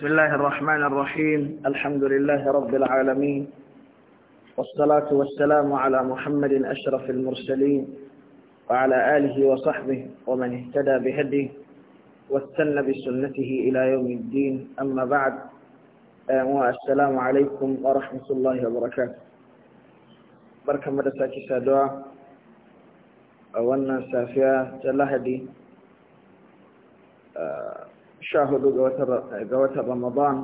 بسم الله الرحمن الرحيم الحمد لله رب العالمين والصلاة والسلام على محمد أشرف المرسلين وعلى آله وصحبه ومن اهتدى بهديه واستنى بسنته إلى يوم الدين أما بعد آه، السلام عليكم ورحمة الله وبركاته بركة مدرسة سادوا أولنا سافيا تلهدي أه شاهد قوة رمضان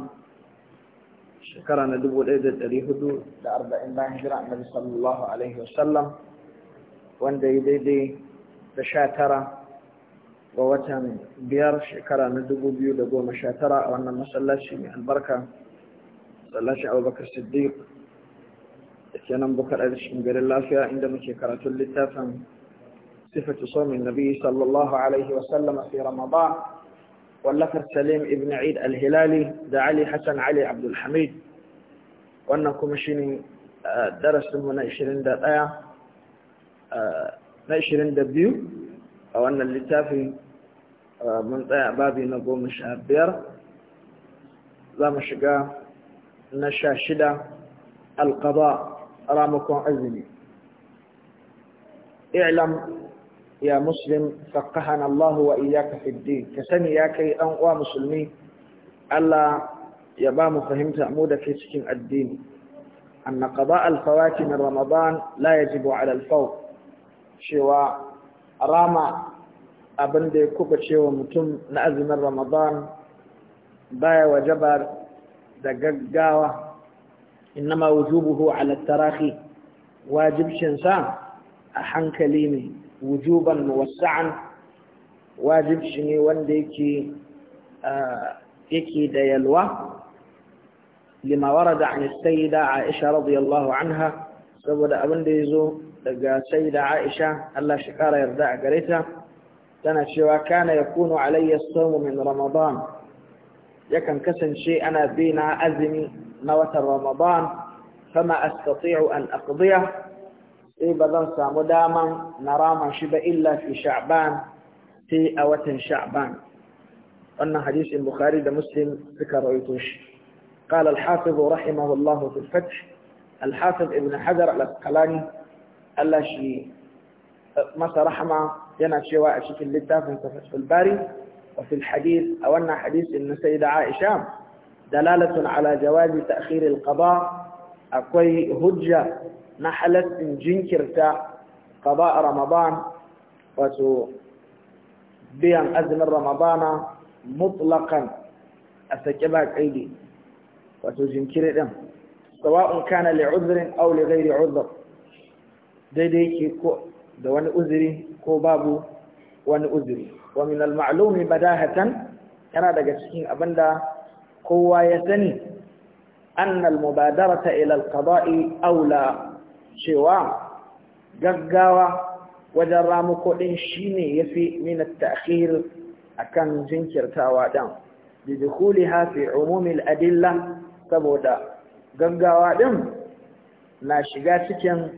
شكرنا دبو الأيدة تريهد لأربع الله هجرة النبي صلى الله عليه وسلم وان دي دي دي تشاترة قوة بيار شكرنا دبو بيو دبو مشاترة وانا مسلسي من البركة مسلسي أبو بكر الصديق اتيانا بكر أدش من قرى الله عندما شكرت اللي تفهم صفة صوم النبي صلى الله عليه وسلم في رمضان wallafar salim ibn eid al-hilali da ali hassan ali abdulhamid wannan kuma shi ne darasinmu na 21 na 22 a wannan littafin mun tsaya babi na biyar za mu shiga na sha shida alkaba ramakon azumi ilam يا مسلم فقهنا الله وإياك في الدين كسني يا كي أنقوى مسلمي ألا يبام فهمت أمودك سكن الدين أن قضاء الفوات من رمضان لا يجب على الفوق شوى راما أبن دي كوبا شوى متم نأزم رمضان بايا وجبر دقاقاوة إنما وجوبه على التراخي واجب شنسان أحنكليني وجوبا موسعا واجب شني وانديكي ونديكي يكي آه، ديلوى لما ورد عن السيدة عائشة رضي الله عنها سبدا أبن ديزو لقى السيدة عائشة ألا شكارة يرداع قريتا تنشوى كان يكون علي الصوم من رمضان يكن كسن شيء أنا بينا أزمي موت رمضان فما أستطيع أن أقضيه sai ba zan samu daman na rama shi ba illa fi sha'ban sai a watan sha'ban wannan hadisin bukhari da muslim suka rawaito shi قال الحافظ رحمه الله في الفتح الحافظ ابن حجر الأسقلاني ألا شيء ما رحمة ينا شواء شكل للتافن في الباري وفي الحديث أو أن حديث أن سيدة عائشة دلالة على جواز تأخير القضاء أقوي هجة na halastin jinkirta qada ramadan wato biyan azumin ramadana mutlaqan a sake ba kaidi wato jinkiri din sawa'un kana li uzrin aw li ghairi uzr daidai yake ko da wani uzuri ko babu wani uzuri wa min al ma'lumi badahatan yana daga cikin abinda kowa ya sani أن المبادرة إلى القضاء أولى cewa gaggawa wajen ramuko ɗin shi ne ya fi mina ta'khir a kan jinkirtawa ɗan da dukuli hafi umumin adilla saboda gaggawa ɗin na shiga cikin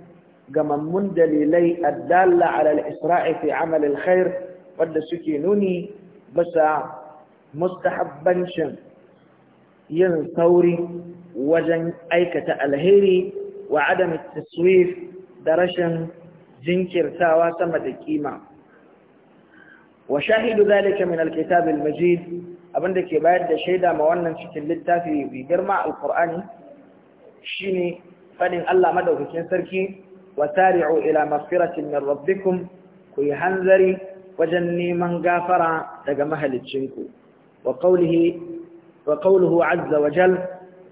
gamammun dalilai addalla alal isra'i fi amal alkhair wadda suke nuni bisa mustahabbancin yin sauri wajen aikata alheri wa adam taswif da rashin jinkirtawa sama da kima wa shahidu zalika min alkitab almajid abinda ke bayar da shaida ma wannan cikin littafi bi girma alqur'ani shine fadin Allah madaukakin sarki wa tari'u ila maghfiratin min rabbikum ku yi hanzari wajen neman gafara daga mahaliccinku wa qawlihi wa qawluhu azza wa jal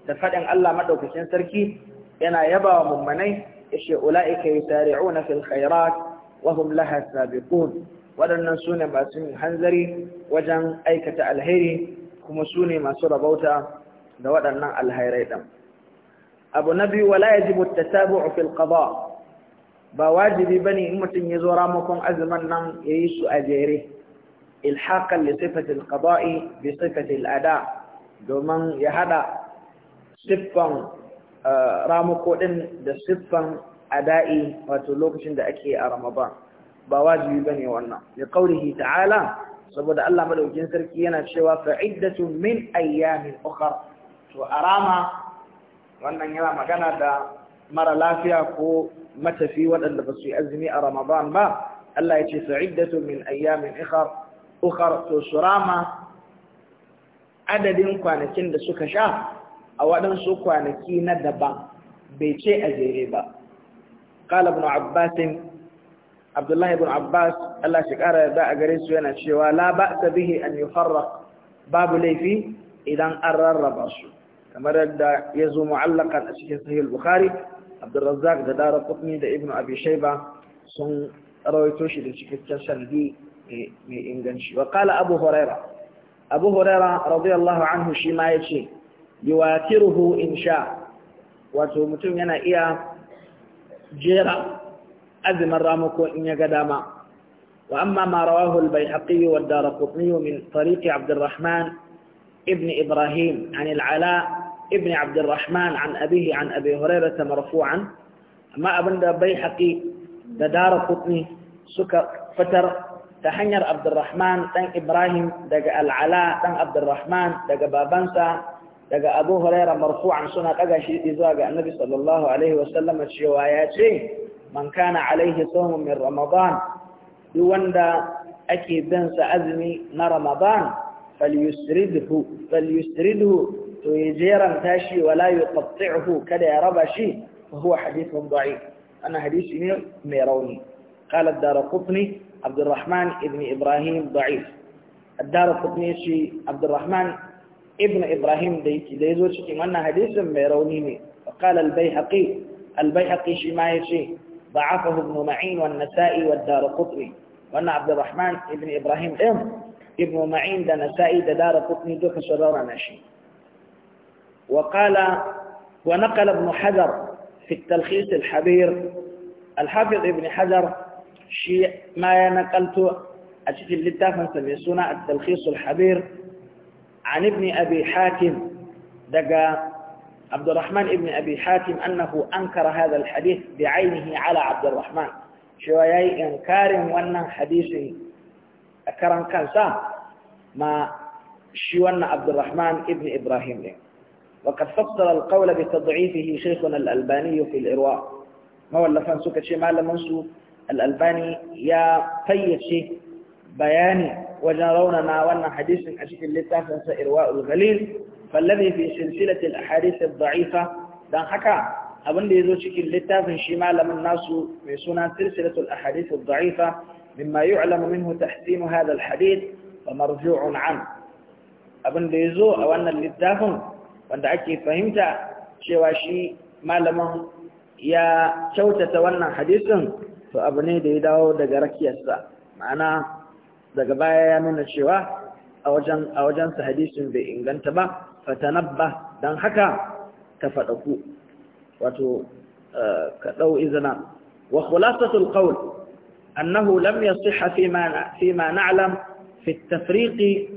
da fadin Allah madaukakin sarki yana yaba wa mummanai ishe ulaika yusari'una fil khairat wa hum laha sabiqun waɗannan sune masu yin hanzari wajen aikata alheri kuma sune masu rabauta da waɗannan alhairai ɗin abu na biyu wala yajibu at-tatabu'u fil qada ba wajibi bane in mutum ya zo ramakon azumin nan yayi su a jere ilhaqan li sifati al-qada'i bi sifati al-ada domin ya hada siffan ramuko din da siffan ada'i wato lokacin da ake a Ramadan ba wajibi bane wannan ya kaulihi ta'ala saboda Allah madaukakin sarki yana cewa fa iddatu min ayyamin ukhra to arama wannan yana magana da mara lafiya ko matafi waɗanda ba su yi azumi a Ramadan ba Allah ya ce fa min ayyamin ukhra ukhra to surama adadin kwanakin da suka sha a waɗansu kwanaki na daban bai ce a jere ba qala ibn abbas abdullahi ibn abbas Allah shi kara da a gare su yana cewa la ba'sa bihi an yufarraq babu laifi idan an rarraba su kamar yadda ya zo mu'allakan a cikin sahil al-bukhari abdurrazzaq da dara qutni da ibnu abi shaiba sun rawaito shi da cikakken sanadi mai inganci wa qala abu huraira abu huraira radiyallahu anhu shi ma yace يواتره إن شاء وتمتم ينا إيا جيرا أذي مرامك إن يقداما وأما ما رواه البيحقي والدار القطني من طريق عبد الرحمن ابن إبراهيم عن العلاء ابن عبد الرحمن عن أبيه عن أبي هريرة مرفوعا ما أبن البيحقي دار القطني سكر فتر تحنير عبد الرحمن تن إبراهيم دق العلاء تن عبد الرحمن دق بابنسا daga abu huraira marfu'an suna daga shi zuwa ga annabi sallallahu alaihi wasallama cewa ya ce man kana alaihi sawmun min ramadan duk wanda ake bin sa azumi na ramadan falyusridhu falyusridhu to ya jeran tashi wala yuqatti'hu kada ya raba shi huwa hadithun da'if ana hadisi ne mai rauni qala ad-darqutni abd الرحمن ibn ibrahim da'if ad-darqutni shi abd الرحمن ابن إبراهيم da yake da yazo cikin wannan hadisin mai rauni ne ضعفه ابن معين والنسائي والدارقطني وان عبد الرحمن ابن ابراهيم ام ابن معين ده نسائي ده دارقطني دوك شرارا ناشي وقال ونقل ابن حجر في التلخيص الحبير الحافظ ابن حجر شيء ما نقلته أشيك اللتافة سميسونا التلخيص الحبير عن ابن أبي حاتم دقى عبد الرحمن ابن أبي حاتم أنه أنكر هذا الحديث بعينه على عبد الرحمن شوية إنكار وأن حديث أكرم كان ما شوان عبد الرحمن ابن إبراهيم لي. وقد فصل القول بتضعيفه شيخنا الألباني في الإرواء ما هو اللي فانسوك شيء ما لمنسو الألباني يا فيت طيب شيء بياني wajen raunana wannan hadisin a cikin littafin sa irwa'ul ghalil fallabi fi silsilatil ahadith daifa dan haka abin da yazo cikin littafin shi malamin nasu mai suna silsilatul ahadith ad-da'ifa mimma yu'lamu minhu tahsin hadha al-hadith wa marju'un an a wannan littafin wanda ake fahimta cewa shi malamin ya kyautata wannan hadisin to abu ne da ya dawo daga rakiyarsa ma'ana daga baya ya nuna cewa a wajen a wajen sa hadisin bai inganta ba fatanabba dan haka ka ku wato ka dau izina wa khulasatul qawl annahu lam yasihha fi ma na'lam fi at-tafriq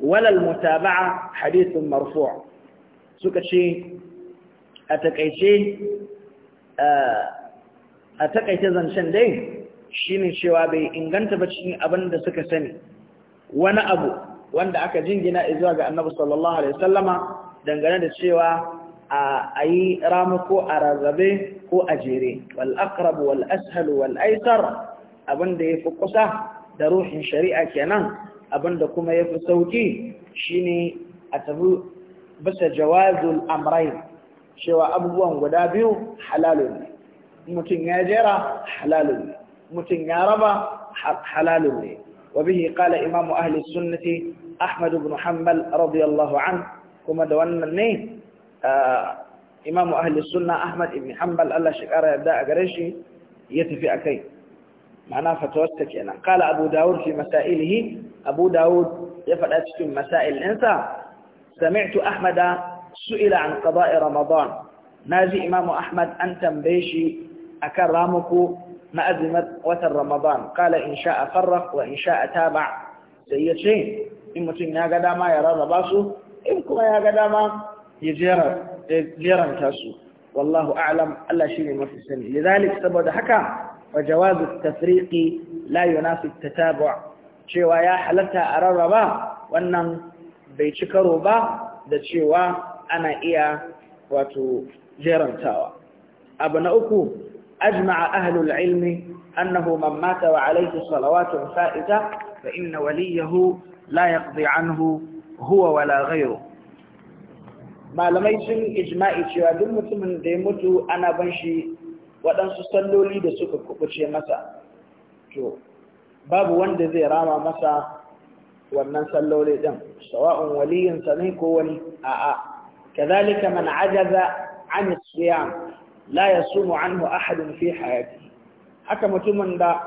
wala al-mutaba'a hadithun marfu' suka ce a takaice a takaice zancen dai shine cewa bai inganta ba cikin abin da suka sani wani abu wanda aka jingina zuwa ga annabi sallallahu alaihi wasallama dangane da cewa a yi ramako a rarrabe ko a jere wal aqrab wal ashal wal aisar da yafi kusa da ruhin shari'a kenan da kuma yafi sauki shine a tabu bisa jawazul amrai cewa abubuwan guda biyu halalun mutum ya jera halalun متنياربا حلال لي وبه قال إمام أهل السنة أحمد بن حنبل رضي الله عنه كما دوانا نيه آه، إمام أهل السنة أحمد بن حنبل الله شكرا يبدأ أقريشي يتفي أكي معناه فتوستك أنا قال أبو داود في مسائله أبو داود يفتأت في مسائل الإنسا سمعت أحمد سئل عن قضاء رمضان نازي إمام أحمد أنت مبيشي أكرامكو na azumin watan Ramadan kala in a farraq wa in a taba sai ya ce in mutum ya ga dama ya rarraba su in kuma ya ga dama ya jeranta su wallahu a'lam Allah shine mafi sani lidalik saboda haka wa jawazu tafriqi la yunafi tatabu' cewa ya halatta a rarraba wannan bai ci karo ba da cewa ana iya wato jerantawa abu na uku أجمع أهل العلم أنه من مات وعليه صلوات فائدة فإن وليه لا يقضي عنه هو ولا غيره ما لم يتم إجماعي تيوادل متمن ديمتو أنا بنشي ودن سستلو لي دسوك كبتشي مسا باب واند ذي راما مسا ونن سلو لي دم سواء ولي سنيكو ولي آآ كذلك من عجز عن الصيام la yasumu anhu ahadun fi hayati haka mutumin da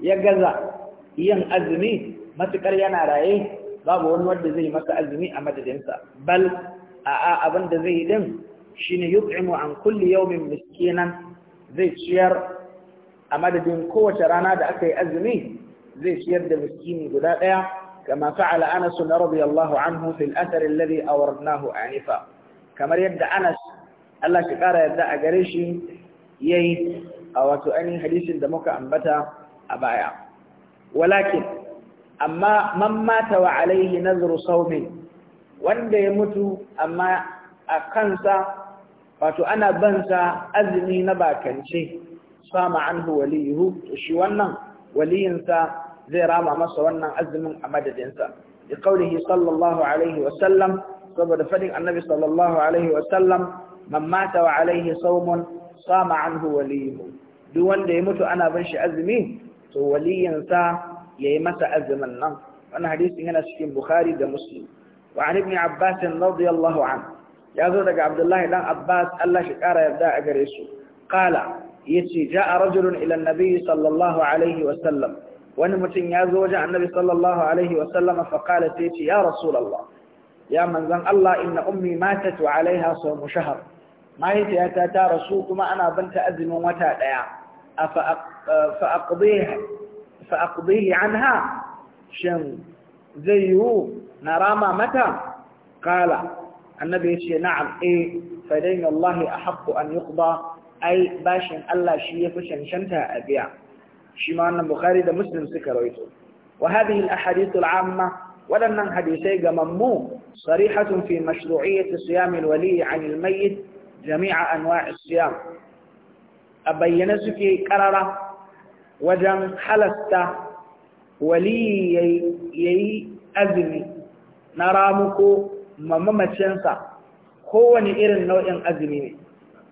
ya gaza yin azumi matukar yana raye babu wani wanda zai masa azumi a madadinsa bal a'a abin da zai din shine yut'imu an kulli yawmin miskinan zai ciyar a madadin kowace rana da aka yi azumi zai ciyar da miskini guda daya kama fa'ala Anas radiyallahu anhu fil athar alladhi awradnahu anifa kamar yadda Anas Allah ka ƙara yarda a gare shi yayi a wato ainihin hadisin da muka ambata a baya walakin amma man mata wa alaihi nazru saumin wanda ya mutu amma a kansa wato ana bansa azumi na bakance sama anhu waliyuhu to shi wannan waliyinsa zai rama masa wannan azumin a madadinsa Di kaulihi sallallahu alaihi sallam saboda fadin annabi sallallahu alaihi sallam man mata wa alaihi saumun sama anhu waliyuhu duk wanda ya mutu ana bin shi azumi to waliyinsa yayi masa azumin nan wannan hadisin yana cikin bukhari da muslim wa an ibn abbas radiyallahu anhu ya zo daga abdullahi dan abbas Allah shi kara yarda a gare su qala yace ja'a rajulun ila an-nabi sallallahu alaihi wa sallam wani mutum ya zo wajen annabi sallallahu alaihi wa sallam fa qala ya rasulullah ya manzan Allah inna ummi matat wa alaiha sawm shahr mahaifiyata ta rasu kuma ana banta azumin wata ɗaya a fa'aƙudihi an ha shin zai yiwu na rama mata ƙala annabi ya ce na'am e fadayin Allah a haƙƙo an yi ƙuba ai bashin Allah shi ya fi shanshanta a biya shi ma wannan Bukhari da Muslim suka rawaito wa hadhihi al-ahadith al-amma waɗannan hadisai gamammu صريحة في مشروعية صيام الولي عن الميت jami'a anwa isiyam a bayyana suke karara wajen halasta wali ya azumi na ramuko mamamacinsa kowane irin nau'in azumi ne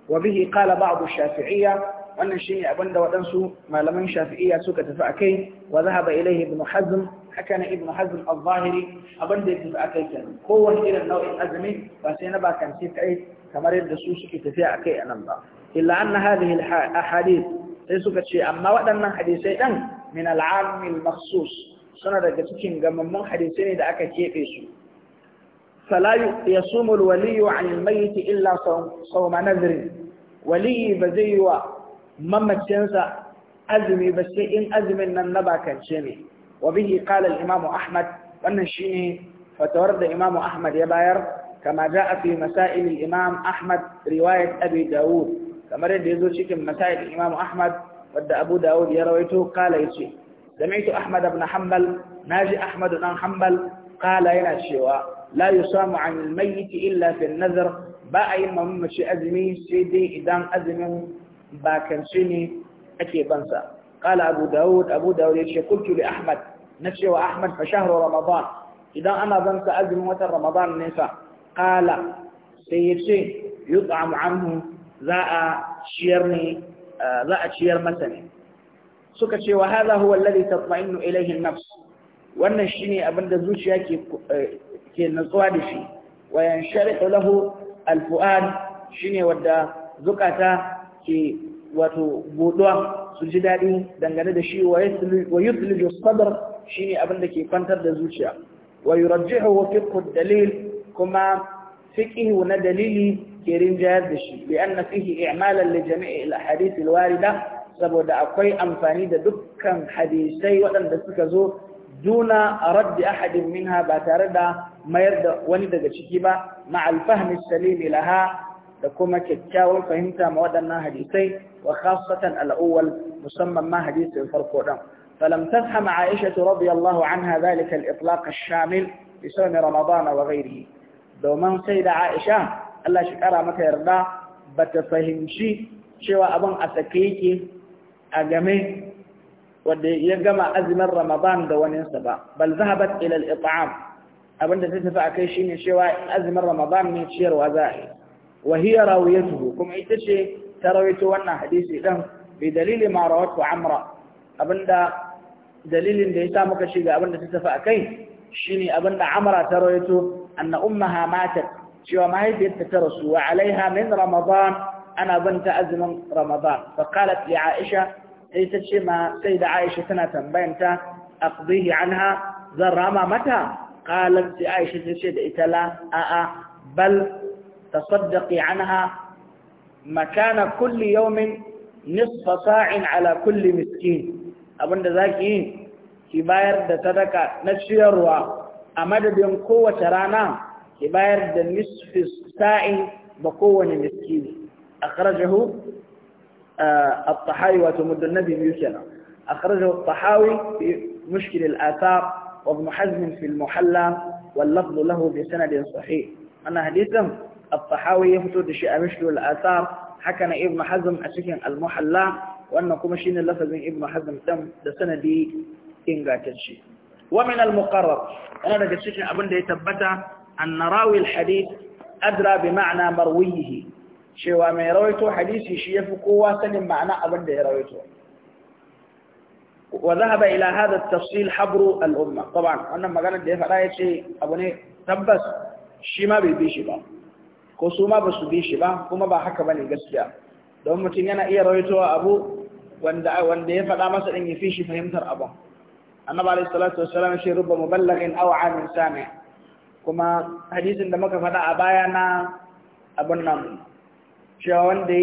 wa bihi kala ba'du shafi'iyya wannan shine abinda waɗansu malaman shafi'iyya suka tafi akai wa zahaba ilaihi ibn hazm haka na ibn hazm al-zahiri ya tafi yake akai kenan kowanne irin nau'in azumi ba sai na bakance kai kamar yadda su suke tafiya akai anan ba illa anna hadhihi al-ahadith sai suka ce amma waɗannan hadisai dan min al maksus al suna daga cikin gamammun hadisai ne da aka keɓe su فلا يصوم الولي عن الميت إلا ba zai yi wa mamacinsa azumi ba sai in azumin nan na bakance ne وبه قال الإمام أحمد وأن فتورد إمام أحمد يباير كما جاء في مسائل الإمام أحمد رواية أبي داود كما رد من مسائل الإمام أحمد ود أبو داود يرويته قال يشي سمعت أحمد بن حنبل ناجي أحمد بن حنبل قال شيواء لا يصام عن الميت إلا في النذر بأي ما ممشي أزمي سيدي إدام أزمي باكنشيني أكي بنسى قال أبو داود أبو داود يشي قلت لأحمد na cewa Ahmad fa shahru Ramadan idan ana zanta azumin watan Ramadan ne sa qala sai yace yut'amu anhu za a ciyar ne za a ciyar masa ne suka ce wa hadha huwa alladhi tatma'innu ilayhi an-nafs wannan shine abinda zuciya ke eh, ke nutsuwa da shi wa yansharihu lahu al-fu'ad shine wadda zukata ke wato buduwa su ji daɗi dangane da shi wa yuslu sadr shine abin da ke kwantar da zuciya wa yurajjihu dalil kuma fiqh na dalili ke rinjayar da shi bi anna fihi i'malan li jami'i al warida saboda akwai amfani da dukkan hadisai waɗanda suka zo duna raddi ahadin minha ba tare da mayar da wani daga ciki ba ma al-fahmi salim laha da kuma kyakkyawar fahimta ma waɗannan hadisai wa khasatan al'uwal musamman ma hadisin farko dan فلم تفهم عائشة رضي الله عنها ذلك الإطلاق الشامل في سنة رمضان وغيره دو من سيد عائشة الله شكرا ما يرضى بتفهم شوى شو أبن أتكيك أجمي ودي يجمع أزمة رمضان دو ينسبا بل ذهبت إلى الإطعام أبن تتفع كيشين شوى أزمة رمضان من شير وزاهي وهي راويته كم عيتشي ترويته وانا حديثي لهم بدليل ما روته عمره أبن dalilin da ya sa muka shiga abin da ta tafi a kai shine abin da amara ta rawaito anna ummaha matat cewa mahaifiyarta ta rasu wa alaiha min ramadan ana banta azumin ramadan fa qalat li aisha sai ta ce ma sai da aisha tana tambayanta aqdihi anha zan rama mata qalat li aisha ta ce da ita la a a bal tasaddaqi anha makana kulli yawmin nisfa sa'in ala kulli miskin abinda zaki yi ki bayar da sadaka na ciyarwa a madadin kowace rana ki bayar da nisfis sa'in ba kowane miskini akhrajahu at-tahawi wa tumud an-nabi yusana akhrajahu at-tahawi fi mushkil al-athar wa ibn hazm fi al-muhalla wal lafz lahu bi sanad sahih ana hadithan at-tahawi yafutu shi'a mushkil al-athar hakana ibn hazm a cikin al-muhalla wannan kuma shine lafazin ibnu hazm tam da sanadi ingantacce wa min al-muqarrab ana daga cikin abin da ya tabbata anna rawi al-hadith adra bi ma'na marwihi cewa mai rawaito hadisi shi yafi kowa sanin ma'ana abin da ya rawaito wa dhahaba ila hadha at-tafsil habru al-umma taban wannan magana da ya fada yace abu ne tabbas shi ma bai bi shi ba ko su ma ba su bi shi ba kuma ba haka bane gaskiya don mutum yana iya rawaitowa abu wanda wanda ya faɗa masa din ya fi shi fahimtar abu annabi alaihi salatu wassalam shi rubba muballighin aw amin sami kuma hadisin da muka faɗa a baya na abun nan cewa wanda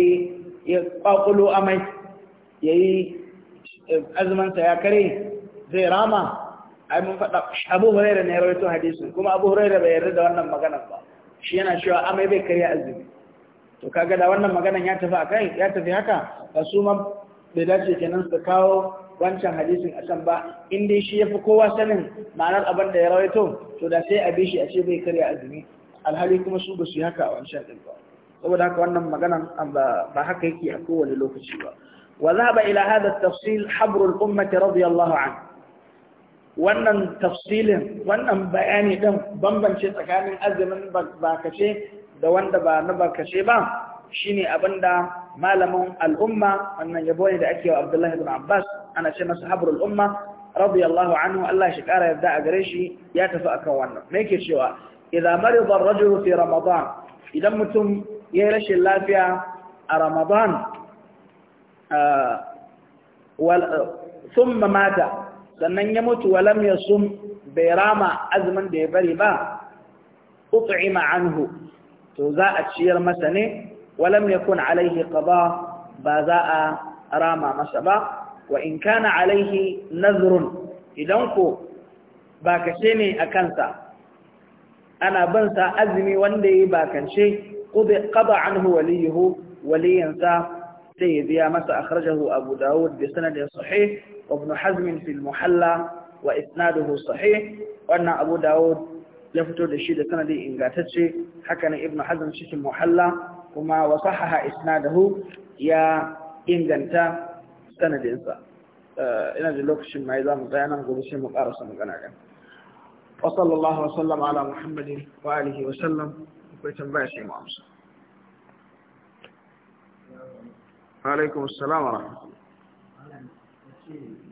ya kwakulo amai yayi azumin sa ya kare zai rama ai mun faɗa Abu Hurairah ne ya rawaito hadisin kuma Abu Hurairah bai yarda da wannan maganar ba shi yana cewa amai bai kare azumi to kaga da wannan maganar ya tafi akai ya tafi haka ba su bai dace kenan su kawo wancan hadisin a can ba in shi shi yafi kowa sanin ma'anar abin da ya rawaito to da sai a bi shi a ce bai karya azumi alhali kuma su ba su yi haka a wancan din ba saboda haka wannan maganan ba haka yake a kowane lokaci ba wa ba ila hada tafsil habrul ummati radiyallahu an wannan tafsilin wannan bayani din bambance tsakanin azumin bakace da wanda ba na bakace ba shine abinda مالم الأمة أن يبوني لأكي عبد الله بن عباس أنا شنو سحبر الأمة رضي الله عنه الله شكارة يبدأ أقريشي ياتف أكوانا ميك الشواء إذا مرض الرجل في رمضان إذا متم يهلش الله في رمضان آه، ثم مات لأن يموت ولم يصم بيرام أزمن ديبريبا أطعم عنه تزاء شير مسني walam yakun alaihi qada ba za a rama masa ba wa in kana alaihi nazrun idan ko bakashe ne a kansa ana bin sa azumi wanda yi bakance qada anhu waliyuhu waliyansa sai ya biya masa akhrajahu abu dawud bi sanadin sahih wa ibn hazm fi al-muhalla wa isnaduhu sahih wannan abu dawud ya fito da shi da sanadi ingantacce haka ne ibn hazm cikin muhalla kuma wa sahaha isnadahu ya inganta sanadinsa eh, ina da lokacin mai za mu tsaya nan gobe sai mu karasa magana kan wa sallallahu wa sallam ala muhammadin wa alihi wa sallam akwai tambaya sai mu amsa alaikum assalam wa rahmatullahi